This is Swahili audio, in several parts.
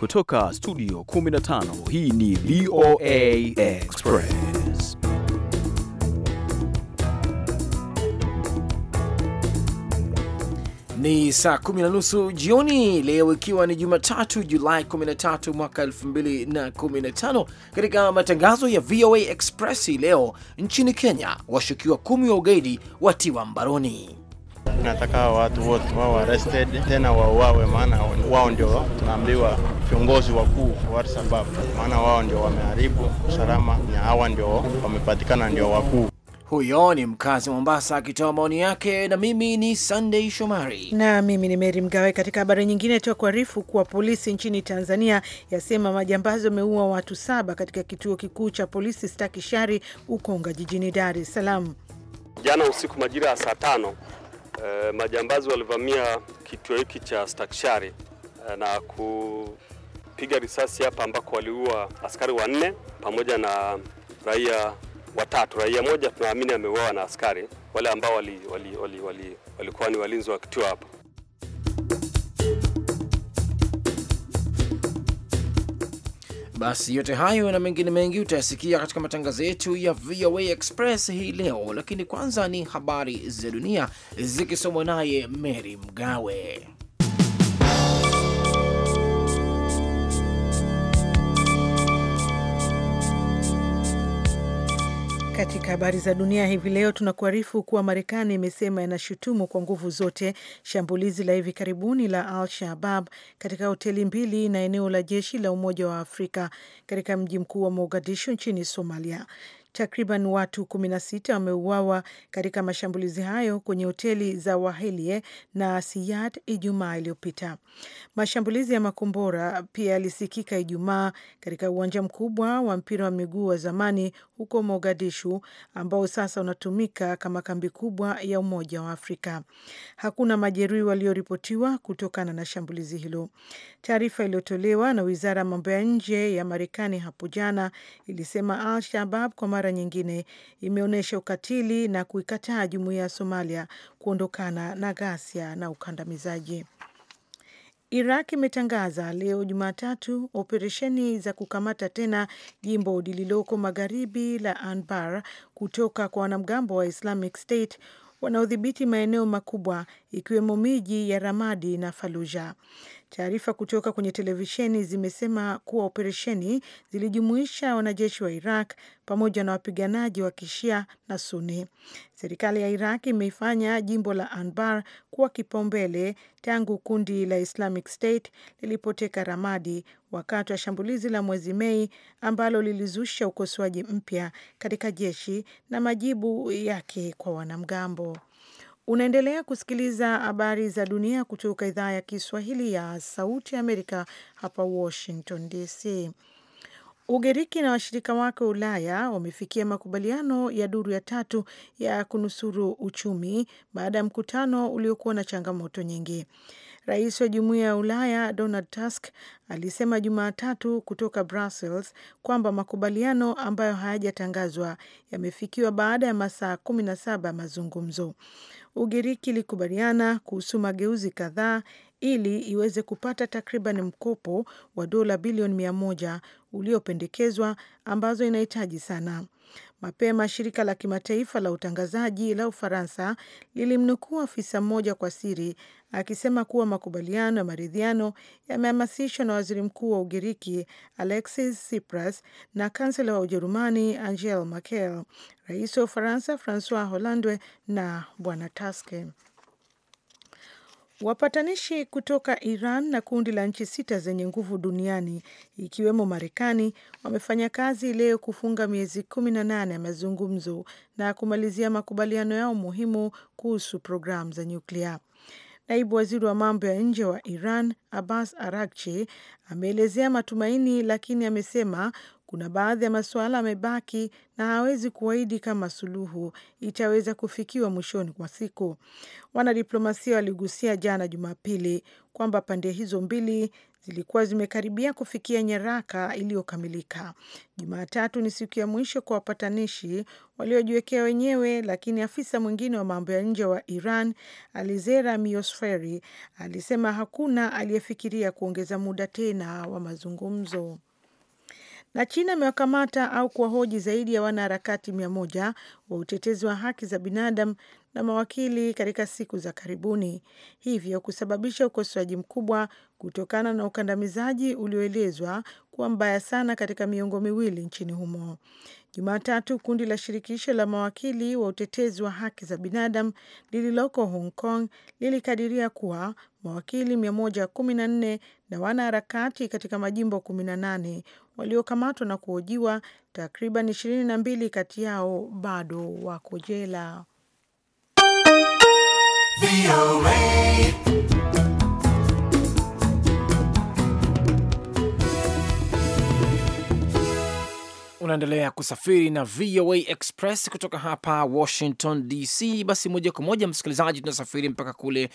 Kutoka studio 15 hii ni VOA Express. Ni saa kumi na nusu jioni leo, ikiwa ni Jumatatu Julai 13 mwaka 2015. Katika matangazo ya VOA Express leo, nchini Kenya washukiwa kumi wa ugaidi watiwa mbaroni nataka watu wote wao arrested tena wauawe, maana wao ndio tunaambiwa viongozi wakuu wa Al-Shabaab, maana wao ndio wameharibu usalama na hawa ndio wamepatikana ndio wakuu. Huyo ni mkazi wa Mombasa akitoa maoni yake. Na mimi ni Sunday Shomari na mimi ni Meri Mgawe. Katika habari nyingine, toa kuharifu kuwa polisi nchini Tanzania yasema majambazi wameua watu saba katika kituo kikuu cha polisi Stakishari Ukonga jijini Dar es Salaam jana usiku majira ya saa tano E, majambazi walivamia kituo hiki cha Stakshari eh, na kupiga risasi hapa ambako waliua askari wanne pamoja na raia watatu. Raia moja tunaamini ameuawa na askari wale ambao walikuwa wali, wali, wali, wali ni walinzi wa kituo hapa. Basi yote hayo na mengine mengi utayasikia katika matangazo yetu ya VOA Express hii leo, lakini kwanza ni habari za dunia zikisomwa naye Mary Mgawe. Katika habari za dunia hivi leo tunakuarifu kuwa Marekani imesema inashutumu kwa nguvu zote shambulizi la hivi karibuni la Al Shabab katika hoteli mbili na eneo la jeshi la Umoja wa Afrika katika mji mkuu wa Mogadishu nchini Somalia, Takriban watu 16 wameuawa katika mashambulizi hayo kwenye hoteli za Wahelie na Siyad Ijumaa iliyopita. Mashambulizi ya makombora pia yalisikika Ijumaa katika uwanja mkubwa wa mpira wa miguu wa zamani huko Mogadishu, ambao sasa unatumika kama kambi kubwa ya Umoja wa Afrika. Hakuna majeruhi walioripotiwa kutokana na shambulizi hilo. Taarifa iliyotolewa na wizara ya mambo ya nje ya Marekani hapo jana ilisema Al Shabab kwa mara nyingine imeonyesha ukatili na kuikataa jumuiya ya Somalia kuondokana na ghasia na ukandamizaji. Iraq imetangaza leo Jumatatu operesheni za kukamata tena jimbo lililoko magharibi la Anbar kutoka kwa wanamgambo wa Islamic State wanaodhibiti maeneo makubwa ikiwemo miji ya Ramadi na Faluja. Taarifa kutoka kwenye televisheni zimesema kuwa operesheni zilijumuisha wanajeshi wa Iraq pamoja na wapiganaji wa Kishia na Suni. Serikali ya Iraq imeifanya jimbo la Anbar kuwa kipaumbele tangu kundi la Islamic State lilipoteka Ramadi wakati wa shambulizi la mwezi Mei ambalo lilizusha ukosoaji mpya katika jeshi na majibu yake kwa wanamgambo. Unaendelea kusikiliza habari za dunia kutoka idhaa ya Kiswahili ya Sauti ya Amerika hapa Washington DC. Ugiriki na washirika wake wa Ulaya wamefikia makubaliano ya duru ya tatu ya kunusuru uchumi baada ya mkutano uliokuwa na changamoto nyingi. Rais wa Jumuiya ya Ulaya Donald Tusk alisema Jumatatu kutoka Brussels kwamba makubaliano ambayo hayajatangazwa yamefikiwa baada ya masaa 17 ya mazungumzo. Ugiriki ilikubaliana kuhusu mageuzi kadhaa ili iweze kupata takriban mkopo wa dola bilioni mia moja uliopendekezwa ambazo inahitaji sana. Mapema shirika la kimataifa la utangazaji la Ufaransa lilimnukuu afisa mmoja kwa siri akisema kuwa makubaliano ya maridhiano yamehamasishwa na waziri mkuu wa Ugiriki Alexis Tsipras na kansela wa Ujerumani Angela Merkel, rais wa Ufaransa Francois Hollande na bwana Tusk. Wapatanishi kutoka Iran na kundi la nchi sita zenye nguvu duniani ikiwemo Marekani wamefanya kazi leo kufunga miezi kumi na nane ya mazungumzo na kumalizia makubaliano yao muhimu kuhusu programu za nyuklia. Naibu waziri wa mambo ya nje wa Iran Abbas Arakchi ameelezea matumaini, lakini amesema kuna baadhi ya masuala yamebaki na hawezi kuahidi kama suluhu itaweza kufikiwa mwishoni mwa siku. Wanadiplomasia waligusia jana Jumapili kwamba pande hizo mbili zilikuwa zimekaribia kufikia nyaraka iliyokamilika. Jumatatu ni siku ya mwisho kwa wapatanishi waliojiwekea wenyewe, lakini afisa mwingine wa mambo ya nje wa Iran Alizera Miosferi alisema hakuna aliyefikiria kuongeza muda tena wa mazungumzo. Na China imewakamata au kuwahoji zaidi ya wanaharakati mia moja wa utetezi wa haki za binadamu na mawakili katika siku za karibuni, hivyo kusababisha ukosoaji mkubwa kutokana na ukandamizaji ulioelezwa kuwa mbaya sana katika miongo miwili nchini humo. Jumatatu, kundi la shirikisho la mawakili wa utetezi wa haki za binadamu lililoko Hong Kong lilikadiria kuwa mawakili na wanaharakati katika majimbo 18 waliokamatwa na kuhojiwa, takriban 22 kati yao bado wako jela. unaendelea kusafiri na VOA Express kutoka hapa Washington DC. Basi moja kwa moja, msikilizaji, tunasafiri mpaka kule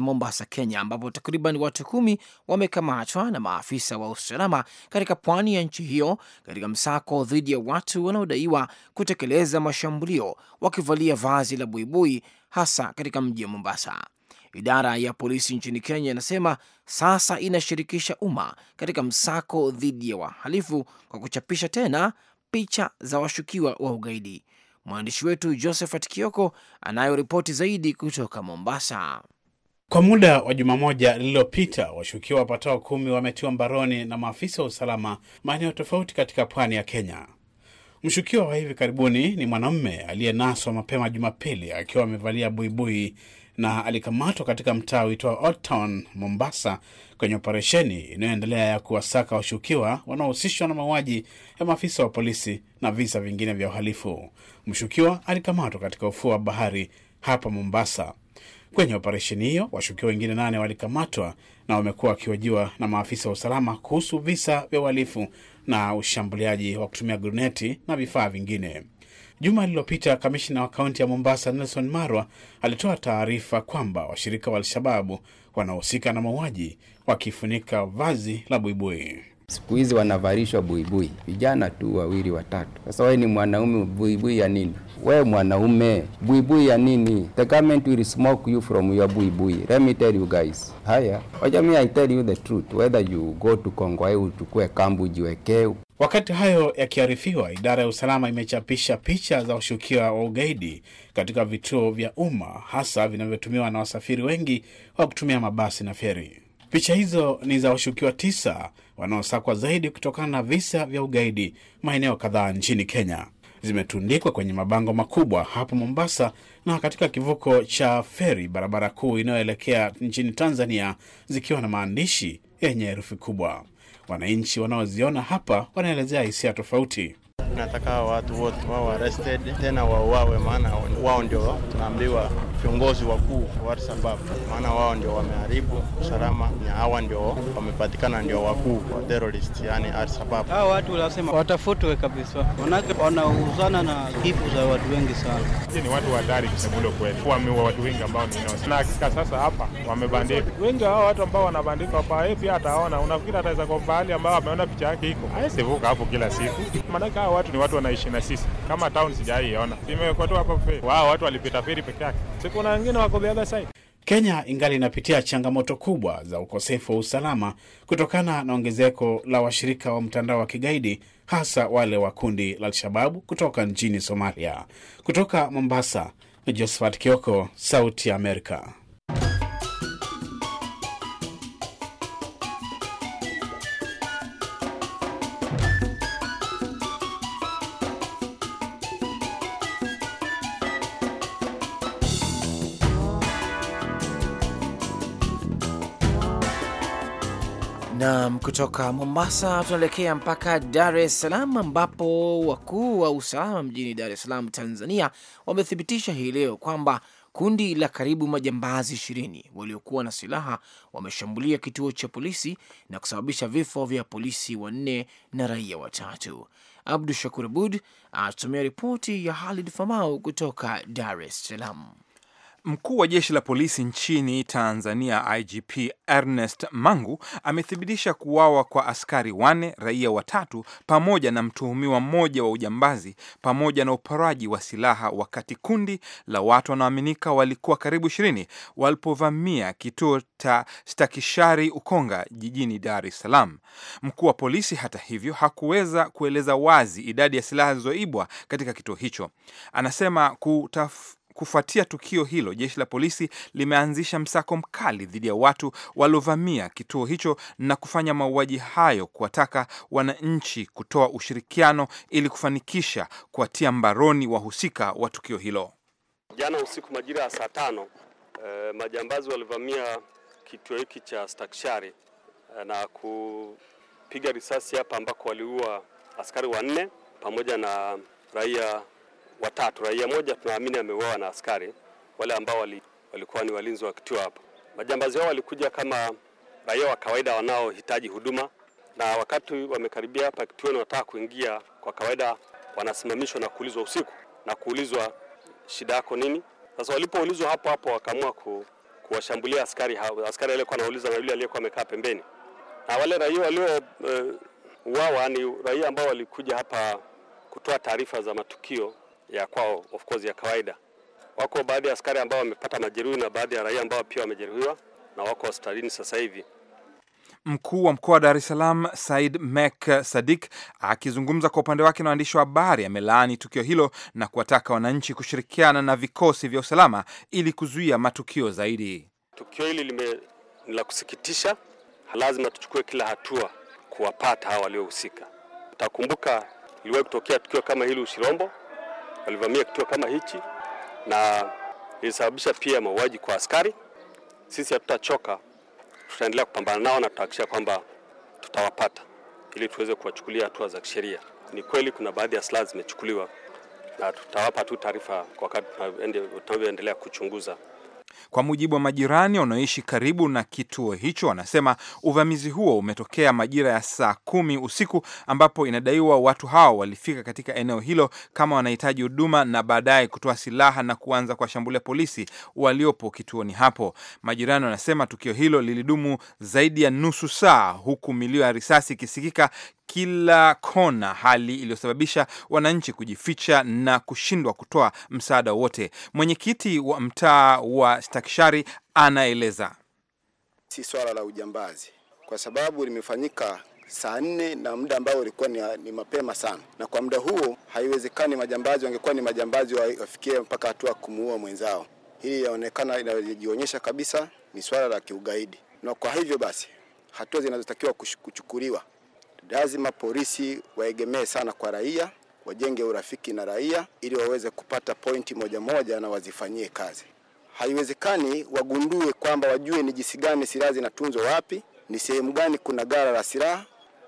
Mombasa, Kenya, ambapo takriban watu kumi wamekamatwa na maafisa wa usalama katika pwani ya nchi hiyo katika msako dhidi ya watu wanaodaiwa kutekeleza mashambulio wakivalia vazi la buibui, hasa katika mji wa Mombasa. Idara ya polisi nchini Kenya inasema sasa inashirikisha umma katika msako dhidi ya wahalifu kwa kuchapisha tena picha za washukiwa wa ugaidi. Mwandishi wetu Josephat Kioko anayo ripoti zaidi kutoka Mombasa. Kwa muda wa juma moja lililopita, washukiwa wapatao kumi wametiwa mbaroni na maafisa wa usalama maeneo tofauti katika pwani ya Kenya. Mshukiwa wa hivi karibuni ni mwanamume aliyenaswa mapema Jumapili akiwa amevalia buibui na alikamatwa katika mtaa uitwao Old Town, Mombasa, kwenye operesheni inayoendelea ya kuwasaka washukiwa wanaohusishwa na mauaji ya maafisa wa polisi na visa vingine vya uhalifu. Mshukiwa alikamatwa katika ufuo wa bahari hapa Mombasa. Kwenye operesheni hiyo washukiwa wengine nane walikamatwa na wamekuwa wakihojiwa na maafisa wa usalama kuhusu visa vya uhalifu na ushambuliaji wa kutumia gruneti na vifaa vingine. Juma lililopita kamishna wa kaunti ya Mombasa Nelson Marwa alitoa taarifa kwamba washirika wa Alshababu wanaohusika na mauaji wakifunika vazi la buibui. Siku hizi wanavarishwa buibui vijana tu wawili watatu. Sasa wewe ni mwanaume, buibui ya nini? We mwanaume, buibui ya nini? The government will smoke you from your buibui. Let me tell you guys. Haya, wacha mimi I tell you the truth, whether you go to Kongo au uchukue kambu jiwekee. Wakati hayo yakiarifiwa, idara ya usalama imechapisha picha za ushukiwa wa ugaidi katika vituo vya umma, hasa vinavyotumiwa na wasafiri wengi wa kutumia mabasi na feri. Picha hizo ni za washukiwa tisa wanaosakwa zaidi kutokana na visa vya ugaidi maeneo kadhaa nchini Kenya. Zimetundikwa kwenye mabango makubwa hapo Mombasa na katika kivuko cha feri, barabara kuu inayoelekea nchini Tanzania, zikiwa na maandishi yenye herufi kubwa. Wananchi wanaoziona hapa wanaelezea hisia tofauti. Nataka watu wote wao arrested tena wauawe, maana wao ndio tunaambiwa viongozi wakuu wa sababu, maana wao ndio wameharibu usalama na hawa ndio wamepatikana ndio wakuu wa terrorist, yani al Alshabab. Hao watu wanasema watafutwe kabisa, manake wanauzana na kifu za watu wengi sana. Hii ni watu hatari kusema kweli, wameua watu wengi ambao ni na hakika sasa hapa wamebandika wengi. Hao watu ambao wanabandika hapa, yeye pia ataona, unafikiri ataweza kwa bahali ambao ameona picha yake iko aisevuka hapo kila siku, manake watu ni watu wanaishi na sisi kama town, sijaiona imekuwa tu hapo feri. Wao watu walipita feri peke yake, si kuna wengine wako the other side. Kenya ingali inapitia changamoto kubwa za ukosefu wa usalama kutokana na ongezeko la washirika wa mtandao wa kigaidi hasa wale wa kundi la Alshababu kutoka nchini Somalia. Kutoka Mombasa Josephat Kioko, Sauti ya Amerika. Kutoka Mombasa tunaelekea mpaka Dar es Salaam, ambapo wakuu wa usalama mjini Dar es Salaam, Tanzania, wamethibitisha hii leo kwamba kundi la karibu majambazi ishirini waliokuwa na silaha wameshambulia kituo cha polisi na kusababisha vifo vya polisi wanne na raia watatu. Abdu Shakur Abud atumia ripoti ya Halid Famau kutoka Dar es Salaam. Mkuu wa jeshi la polisi nchini Tanzania, IGP Ernest Mangu, amethibitisha kuuawa kwa askari wane, raia watatu, pamoja na mtuhumiwa mmoja wa ujambazi pamoja na uporaji wa silaha, wakati kundi la watu wanaoaminika walikuwa karibu ishirini walipovamia kituo cha Stakishari Ukonga jijini Dar es Salaam. Mkuu wa polisi, hata hivyo, hakuweza kueleza wazi idadi ya silaha zilizoibwa katika kituo hicho. Anasema kutaf Kufuatia tukio hilo, jeshi la polisi limeanzisha msako mkali dhidi ya watu waliovamia kituo hicho na kufanya mauaji hayo, kuwataka wananchi kutoa ushirikiano ili kufanikisha kuwatia mbaroni wahusika wa tukio hilo. Jana usiku majira ya saa tano e, majambazi walivamia kituo hiki cha Stakshari eh, na kupiga risasi hapa ambako waliua askari wanne pamoja na raia watatu, raia moja tunaamini ameuawa na askari wale ambao wali, walikuwa ni walinzi wa kituo hapo. Majambazi hao walikuja kama raia wa kawaida wanaohitaji huduma, na wakati wamekaribia hapa kituoni, wanataka kuingia kwa kawaida, wanasimamishwa na kuulizwa usiku na kuulizwa shida yako nini. Sasa walipoulizwa hapo hapo wakaamua ku, kuwashambulia askari hao, askari aliyekuwa anauliza na yule aliyekuwa amekaa pembeni, na wale raia walio uh, ni raia ambao walikuja hapa kutoa taarifa za matukio ya kwao of course ya kawaida. Wako baadhi ya askari ambao wamepata majeruhi na baadhi ya raia ambao pia wamejeruhiwa na wako hospitalini sasa hivi. Mkuu wa mkoa wa Dar es Salaam Said Mek Sadik akizungumza kwa upande wake na waandishi wa habari amelaani tukio hilo na kuwataka wananchi kushirikiana na vikosi vya usalama ili kuzuia matukio zaidi. Tukio hili lime ni la kusikitisha, lazima tuchukue kila hatua kuwapata hawa waliohusika. Utakumbuka iliwahi kutokea tukio kama hili Ushirombo walivamia kituo kama hichi na ilisababisha pia mauaji kwa askari. Sisi hatutachoka, tutaendelea kupambana nao na tutahakikisha kwamba tutawapata ili tuweze kuwachukulia hatua za kisheria. Ni kweli kuna baadhi ya silaha zimechukuliwa, na tutawapa tu taarifa kwa wakati tunavyoendelea kuchunguza. Kwa mujibu wa majirani wanaoishi karibu na kituo hicho, wanasema uvamizi huo umetokea majira ya saa kumi usiku, ambapo inadaiwa watu hao walifika katika eneo hilo kama wanahitaji huduma na baadaye kutoa silaha na kuanza kuwashambulia polisi waliopo kituoni hapo. Majirani wanasema tukio hilo lilidumu zaidi ya nusu saa, huku milio ya risasi ikisikika kila kona, hali iliyosababisha wananchi kujificha na kushindwa kutoa msaada wote. Mwenyekiti wa mtaa wa Stakishari anaeleza, si swala la ujambazi kwa sababu limefanyika saa nne na muda ambao ulikuwa ni, ni mapema sana, na kwa muda huo haiwezekani majambazi, wangekuwa ni majambazi wafikie mpaka hatua kumuua mwenzao. Hili inaonekana inajionyesha kabisa ni swala la kiugaidi, na kwa hivyo basi hatua zinazotakiwa kuchukuliwa Lazima polisi waegemee sana kwa raia, wajenge urafiki na raia ili waweze kupata pointi moja moja na wazifanyie kazi. Haiwezekani wagundue kwamba wajue ni jinsi gani silaha zinatunzwa wapi, ni sehemu gani kuna gara la silaha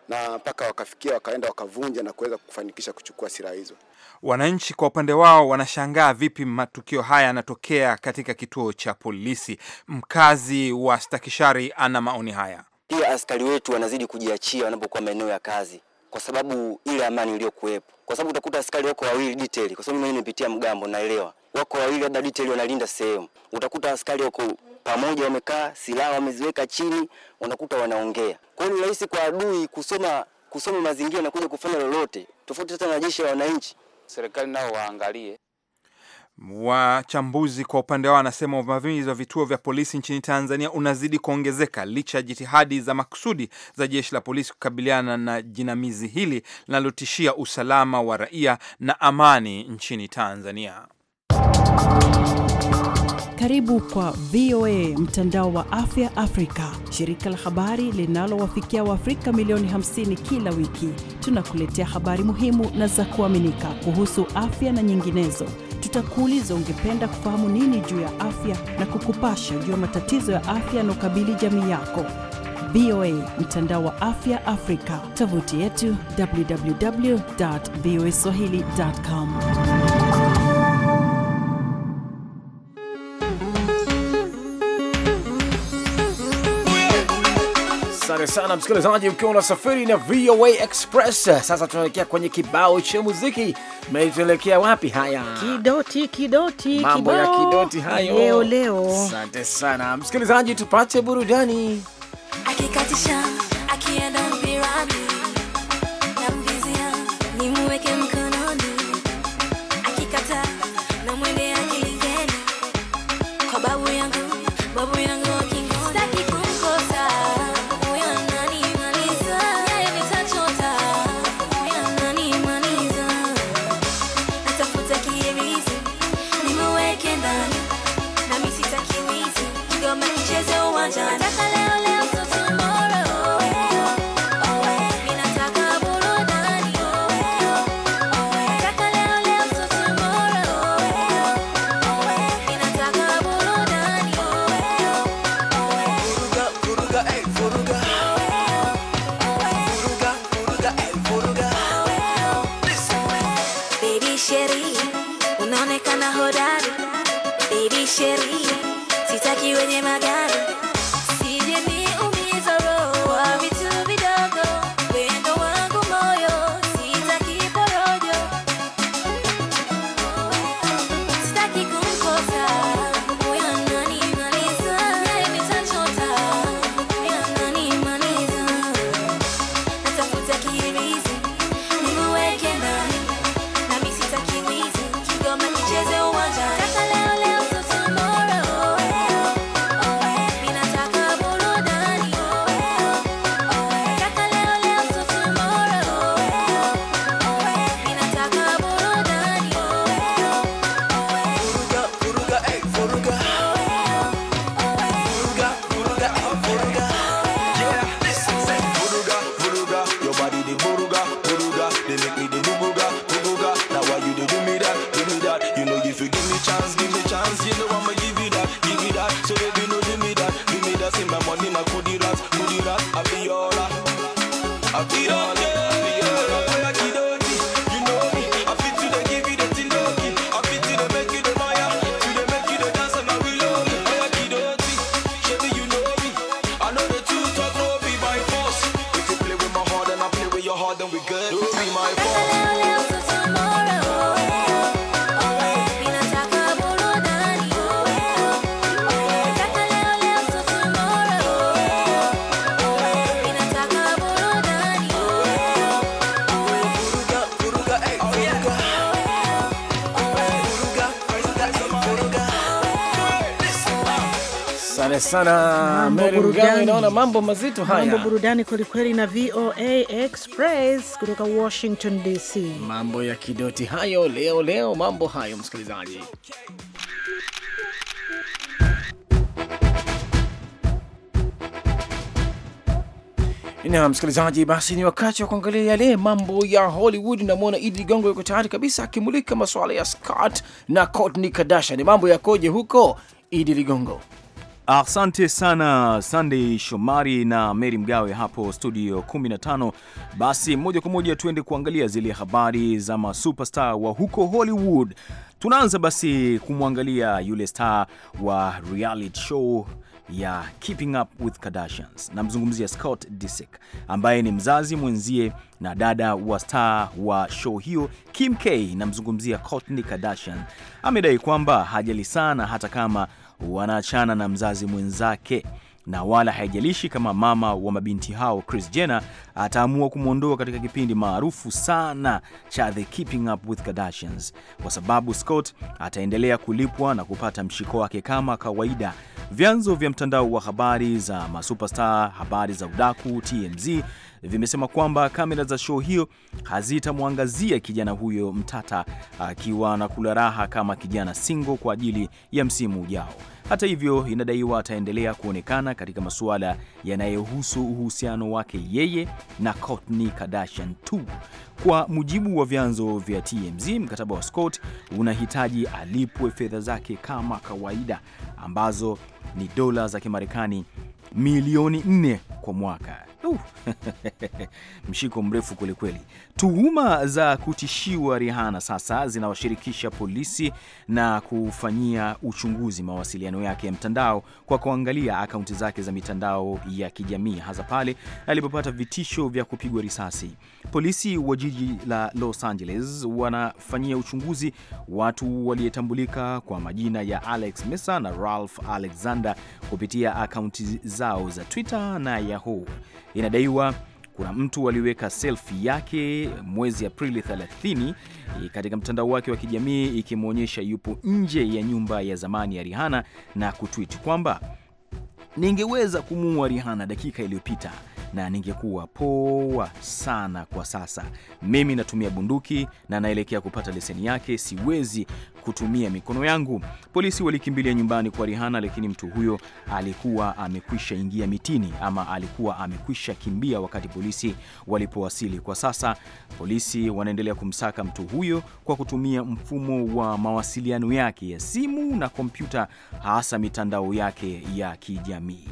na mpaka wakafikia wakaenda wakavunja na kuweza kufanikisha kuchukua silaha hizo. Wananchi kwa upande wao wanashangaa vipi matukio haya yanatokea katika kituo cha polisi. Mkazi wa Stakishari ana maoni haya. Pia askari wetu wanazidi kujiachia wanapokuwa maeneo ya kazi, kwa sababu ile amani iliyokuwepo, kwa sababu utakuta askari wako wawili detail, kwa sababu mimi nimepitia mgambo, naelewa wako wawili labda detail wanalinda sehemu, utakuta askari wako pamoja, wamekaa silaha wameziweka chini, unakuta wanaongea. Kwa hiyo ni rahisi kwa adui kusoma kusoma mazingira na kuja kufanya lolote tofauti, hata na jeshi la wananchi. Serikali nao waangalie Wachambuzi kwa upande wao wanasema uvamizi wa vituo vya polisi nchini Tanzania unazidi kuongezeka licha ya jitihadi za makusudi za jeshi la polisi kukabiliana na jinamizi hili linalotishia usalama wa raia na amani nchini Tanzania. Karibu kwa VOA mtandao wa afya Afrika, shirika la habari linalowafikia Waafrika milioni 50 kila wiki. Tunakuletea habari muhimu na za kuaminika kuhusu afya na nyinginezo tutakuuliza ungependa kufahamu nini juu ya afya na kukupasha juu ya matatizo ya afya yanaokabili jamii yako. VOA mtandao wa afya Afrika, tovuti yetu www voa Asante sana msikilizaji, ukiwa unasafiri na VOA Express. Sasa tunaelekea kwenye kibao cha muziki. Tunaelekea wapi? Haya, kidoti kidoti, mambo ya kidoti hayo leo leo. Asante sana msikilizaji, tupate burudani akikatisha akienda sana Meri, naona mambo mazito haya, mambo burudani kwelikweli na VOA Express kutoka Washington DC, mambo ya kidoti hayo, leo leo mambo hayo, msikilizaji na msikilizaji, basi ni wakati wa kuangalia yale mambo ya Hollywood. Namwona Idi Ligongo yuko tayari kabisa akimulika masuala ya Scott na Kourtney Kardashian. Mambo yakoje huko, Idi Ligongo? Asante sana sandey Shomari na Mary Mgawe hapo studio 15. Basi moja kwa moja tuende kuangalia zile habari za masuperstar wa huko Hollywood. Tunaanza basi kumwangalia yule star wa reality show ya Keeping Up with Kardashians. Namzungumzia Scott Disick ambaye ni mzazi mwenzie na dada wa star wa show hiyo Kim K. Namzungumzia Kourtney Kardashian. Amedai kwamba hajali sana hata kama wanaachana na mzazi mwenzake na wala haijalishi kama mama wa mabinti hao chris Jenner ataamua kumwondoa katika kipindi maarufu sana cha The Keeping Up with Kardashians, kwa sababu Scott ataendelea kulipwa na kupata mshiko wake kama kawaida. Vyanzo vya mtandao wa habari za masuperstar, habari za udaku TMZ vimesema kwamba kamera za show hiyo hazitamwangazia kijana huyo mtata akiwa na kula raha kama kijana single kwa ajili ya msimu ujao. Hata hivyo, inadaiwa ataendelea kuonekana katika masuala yanayohusu uhusiano wake yeye na Kourtney Kardashian tu. Kwa mujibu wa vyanzo vya TMZ, mkataba wa Scott unahitaji alipwe fedha zake kama kawaida ambazo ni dola za Kimarekani milioni nne kwa mwaka. Uh, mshiko mrefu kwelikweli. Tuhuma za kutishiwa Rihanna sasa zinawashirikisha polisi na kufanyia uchunguzi mawasiliano yake ya mtandao kwa kuangalia akaunti zake za mitandao ya kijamii, hasa pale alipopata vitisho vya kupigwa risasi. Polisi wa jiji la Los Angeles wanafanyia uchunguzi watu waliyetambulika kwa majina ya Alex Mesa na Ralph Alexander kupitia akaunti zao za Twitter na Yahoo. Inadaiwa kuna mtu aliweka selfie yake mwezi Aprili 30 eh, katika mtandao wake wa kijamii ikimwonyesha yupo nje ya nyumba ya zamani ya Rihanna na kutwiti kwamba ningeweza kumuua Rihanna dakika iliyopita na ningekuwa poa sana kwa sasa. Mimi natumia bunduki na naelekea kupata leseni yake, siwezi kutumia mikono yangu. Polisi walikimbilia nyumbani kwa Rihana, lakini mtu huyo alikuwa amekwisha ingia mitini ama alikuwa amekwisha kimbia wakati polisi walipowasili. Kwa sasa polisi wanaendelea kumsaka mtu huyo kwa kutumia mfumo wa mawasiliano yake ya simu na kompyuta, hasa mitandao yake ya kijamii.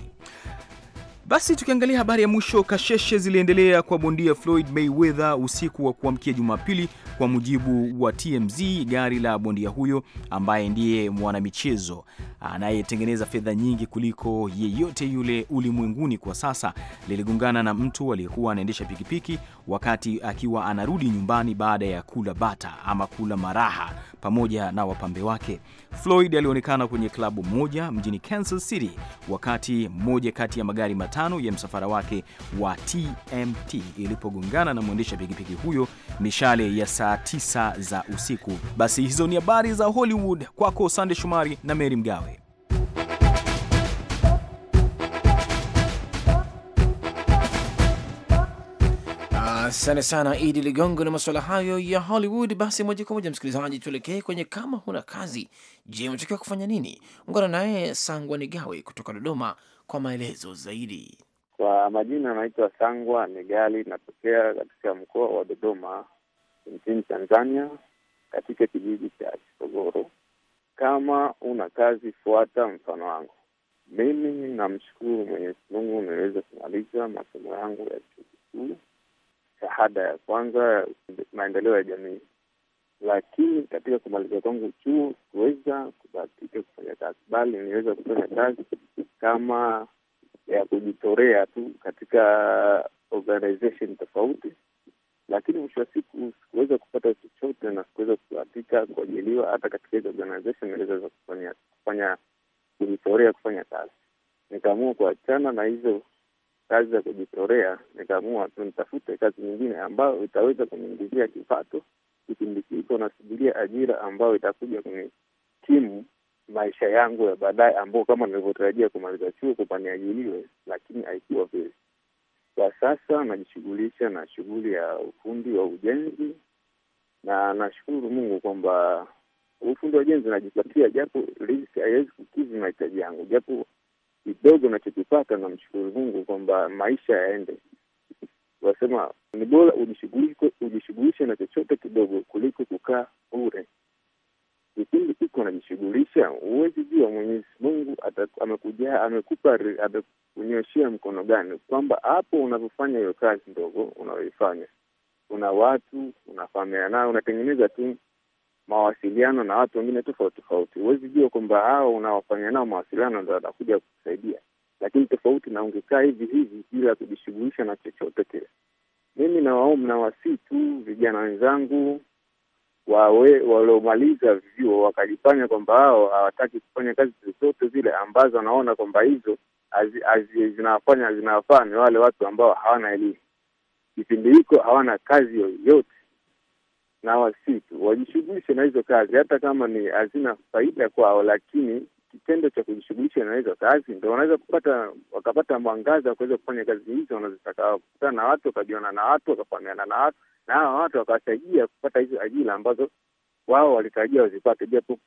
Basi tukiangalia habari ya mwisho, kasheshe ziliendelea kwa bondia Floyd Mayweather usiku wa kuamkia Jumapili. Kwa mujibu wa TMZ, gari la bondia huyo ambaye ndiye mwanamichezo anayetengeneza fedha nyingi kuliko yeyote yule ulimwenguni kwa sasa, liligongana na mtu aliyekuwa anaendesha pikipiki wakati akiwa anarudi nyumbani baada ya kula bata ama kula maraha pamoja na wapambe wake. Floyd alionekana kwenye klabu moja mjini Kansas City wakati mmoja kati ya magari matano ya msafara wake wa TMT ilipogongana na mwendesha pikipiki huyo mishale ya saa tisa za usiku. Basi hizo ni habari za Hollywood. Kwako Sande Shumari na mery Mgawe. Asante sana Idi Ligongo na masuala hayo ya Hollywood. Basi moja kwa moja, msikilizaji, tuelekee kwenye kama huna kazi. Je, unatakiwa kufanya nini? Ungana naye Sangwa Nigawe kutoka Dodoma kwa maelezo zaidi. Kwa majina anaitwa Sangwa Nigali, natokea katika mkoa wa Dodoma nchini Tanzania, katika kijiji cha Kisogoro. Kama una kazi, fuata mfano wangu. Mimi namshukuru Mwenyezi Mungu, nimeweza kumaliza masomo yangu ya chuo kikuu shahada ya kwanza maendeleo ya jamii, lakini katika kumalizia kwangu chuo kuweza kubatika kufanya kazi, bali niweza kufanya kazi kama ya kujitorea tu katika organization tofauti, lakini mwisho wa siku sikuweza kupata chochote na sikuweza kubahatika kuajiliwa hata katika hizo organization niliweza kufanya kujitorea kufanya kazi. Nikaamua kuachana na hizo kazi za kujitolea, nikaamua tu nitafute kazi nyingine ambayo itaweza kuniingizia kipato kipindi kiko nasubiria ajira ambayo itakuja timu maisha yangu ya baadaye, ambao kama nilivyotarajia kumaliza chuo kupaniajiliwe, lakini haikuwa vile. Kwa sasa najishughulisha na shughuli ya ufundi wa ujenzi, na nashukuru Mungu kwamba ufundi wa ujenzi najipatia, japo haiwezi kukidhi mahitaji yangu, japo kidogo nachokipata, namshukuru Mungu kwamba maisha yaende. Wasema ni bora ujishughulishe na chochote kidogo kuliko kukaa bure. Kipindi iko najishughulisha huwezi jua Mwenyezi Mungu amekuja amekupa amekunyoshea mkono gani, kwamba hapo unavyofanya hiyo kazi ndogo unayoifanya, una watu unafahamiana nao, unatengeneza tu mawasiliano na watu wengine tofauti tofauti. Huwezi jua kwamba hao unaofanya nao mawasiliano ndo watakuja kukusaidia, lakini tofauti na ungekaa hivi hivi bila kujishughulisha na chochote kile. Mimi nawaomba na tu vijana wenzangu wawe waliomaliza vyuo wakajifanya kwamba hao hawataki kufanya kazi zozote zile ambazo wanaona kwamba hizo zinawafanya zinawafaa ni wale watu ambao hawana elimu, kipindi hiko hawana kazi yoyote na wasitu wajishughulishe na hizo kazi, hata kama ni hazina faida kwao, lakini kitendo cha kujishughulisha na hizo kazi ndo wanaweza kupata wakapata mwangaza wa kuweza kufanya kazi hizo wanazotaka, wakakutana na watu, wakajiona na watu, wakafahamiana na watu, na hawa watu wakawasaidia kupata hizo ajira ambazo wao walitarajia wazipate, japo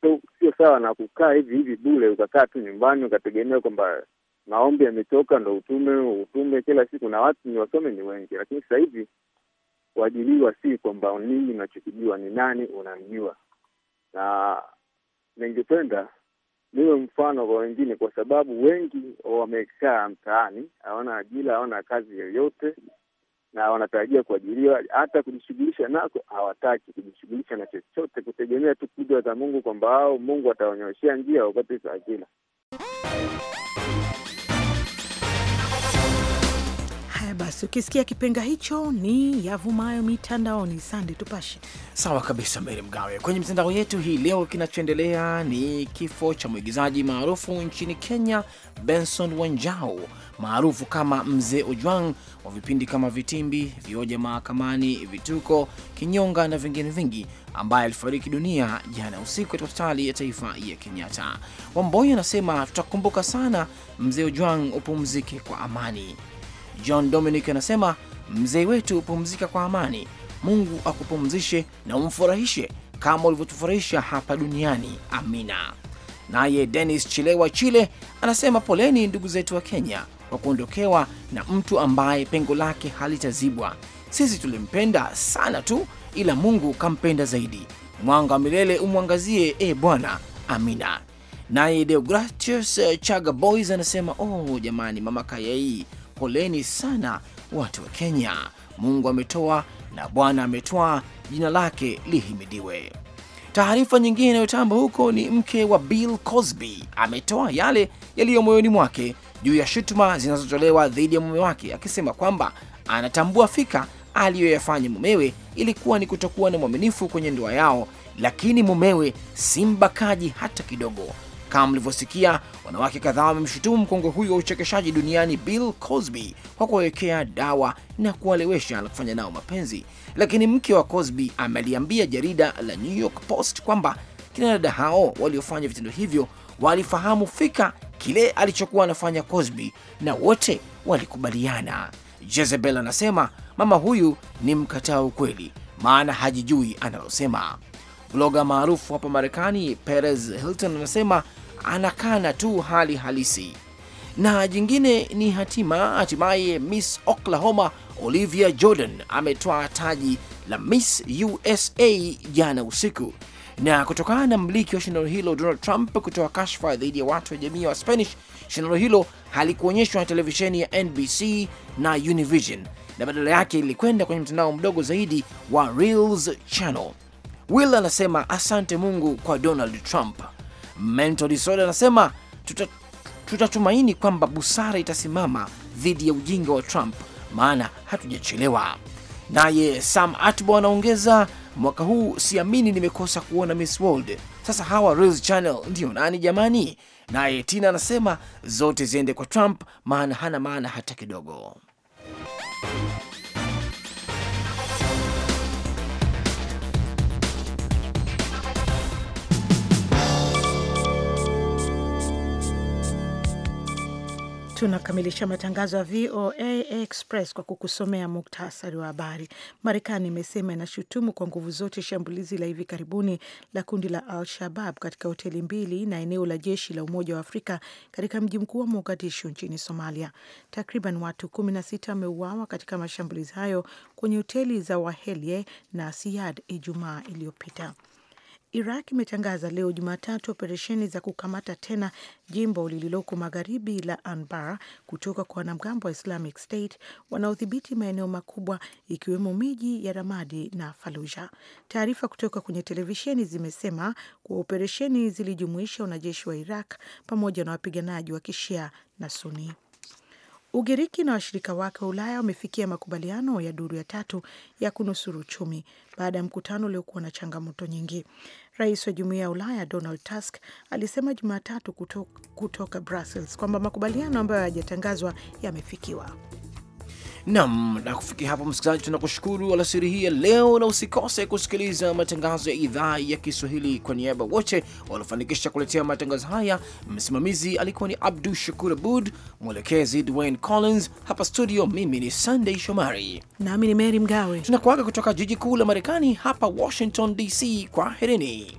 so, sio sawa na kukaa hivi hivi bule, ukakaa tu nyumbani ukategemea kwamba maombi yametoka ndo utume utume kila siku, na watu ni wasome ni wengi, lakini sasa hivi kuajiliwa si kwamba nini unachokijua ni nani unamjua, na ningependa niwe mfano kwa wengine, kwa sababu wengi wamekaa mtaani, hawana ajira, hawana kazi yoyote, na wanatarajia kuajiliwa Hata kujishughulisha nako hawataki kujishughulisha na chochote, kutegemea tu kudra za Mungu kwamba au Mungu atawanyoshea njia wapate za ajira. Haya basi, ukisikia kipenga hicho ni yavumayo mitandaoni. Sande, tupashe. Sawa kabisa, Meri Mgawe. Kwenye mitandao yetu hii leo, kinachoendelea ni kifo cha mwigizaji maarufu nchini Kenya, Benson Wanjao maarufu kama Mzee Ojwang wa vipindi kama Vitimbi, Vioja Mahakamani, Vituko, Kinyonga na vingine vingi, ambaye alifariki dunia jana usiku katika hospitali ya taifa ya Kenyatta. Wamboi anasema tutakumbuka sana Mzee Ojwang, upumzike kwa amani. John Dominic anasema mzee wetu, pumzika kwa amani, Mungu akupumzishe na umfurahishe kama ulivyotufurahisha hapa duniani, amina. Naye Dennis Chilewa Chile anasema poleni ndugu zetu wa Kenya kwa kuondokewa na mtu ambaye pengo lake halitazibwa. Sisi tulimpenda sana tu, ila Mungu kampenda zaidi. Mwanga wa milele umwangazie, e Bwana, amina. Naye Deogratius Chaga Boys anasema oh, jamani, mama Kayai poleni sana watu wa Kenya. Mungu ametoa na Bwana ametoa jina lake lihimidiwe. Taarifa nyingine inayotamba huko ni mke wa Bill Cosby ametoa yale yaliyo moyoni mwake juu ya shutuma zinazotolewa dhidi ya mume wake, akisema kwamba anatambua fika aliyoyafanya mumewe ilikuwa ni kutokuwa na mwaminifu kwenye ndoa yao, lakini mumewe si mbakaji hata kidogo. Kama mlivyosikia, wanawake kadhaa wamemshutumu mkongwe huyo wa uchekeshaji duniani Bill Cosby kwa kuwawekea dawa na kuwalewesha na kufanya nao mapenzi, lakini mke wa Cosby ameliambia jarida la New York Post kwamba kina dada hao waliofanya vitendo hivyo walifahamu fika kile alichokuwa anafanya Cosby na wote walikubaliana. Jezebel anasema mama huyu ni mkataa ukweli, maana hajijui analosema. Bloga maarufu hapa Marekani Perez Hilton anasema anakana tu hali halisi. Na jingine ni hatima, hatimaye Miss Oklahoma Olivia Jordan ametoa taji la Miss USA jana usiku, na kutokana na mmiliki wa shindano hilo Donald Trump kutoa kashfa dhidi ya watu wa jamii wa Spanish, shindano hilo halikuonyeshwa na televisheni ya NBC na Univision, na badala yake lilikwenda kwenye mtandao mdogo zaidi wa Reels channel. Will anasema asante Mungu kwa Donald Trump. Mentor Disorder anasema tutatumaini tuta kwamba busara itasimama dhidi ya ujinga wa Trump, maana hatujachelewa. Naye Sam Atbo anaongeza mwaka huu siamini nimekosa kuona Miss World. Sasa hawa Reels Channel ndiyo nani jamani? Naye Tina anasema zote ziende kwa Trump, maana hana maana hata kidogo. Tunakamilisha matangazo ya VOA Express kwa kukusomea muktasari wa habari. Marekani imesema inashutumu kwa nguvu zote shambulizi la hivi karibuni la kundi la Al Shabab katika hoteli mbili na eneo la jeshi la Umoja wa Afrika katika mji mkuu wa Mogadishu nchini Somalia. Takriban watu kumi na sita wameuawa katika mashambulizi hayo kwenye hoteli za Wahelie na Siad Ijumaa iliyopita. Iraq imetangaza leo Jumatatu operesheni za kukamata tena jimbo lililoko magharibi la Anbar kutoka kwa wanamgambo wa Islamic State wanaodhibiti maeneo makubwa ikiwemo miji ya Ramadi na Faluja. Taarifa kutoka kwenye televisheni zimesema kuwa operesheni zilijumuisha wanajeshi wa Iraq pamoja na wapiganaji wa Kishia na Suni. Ugiriki na washirika wake wa Ulaya wamefikia makubaliano ya duru ya tatu ya kunusuru uchumi baada ya mkutano uliokuwa na changamoto nyingi. Rais wa Jumuiya ya Ulaya Donald Tusk alisema Jumatatu kutoka Brussels kwamba makubaliano ambayo hayajatangazwa yamefikiwa. Nam na kufikia hapo, msikilizaji, tunakushukuru alasiri hii ya leo, na usikose kusikiliza matangazo ya idhaa ya Kiswahili. Kwa niaba wote waliofanikisha kuletea matangazo haya, msimamizi alikuwa ni Abdu Shakur Abud, mwelekezi Dwayne Collins. Hapa studio, mimi ni Sunday Shomari nami ni Mary Mgawe. Tunakuaga kutoka jiji kuu la Marekani hapa Washington DC. kwa herini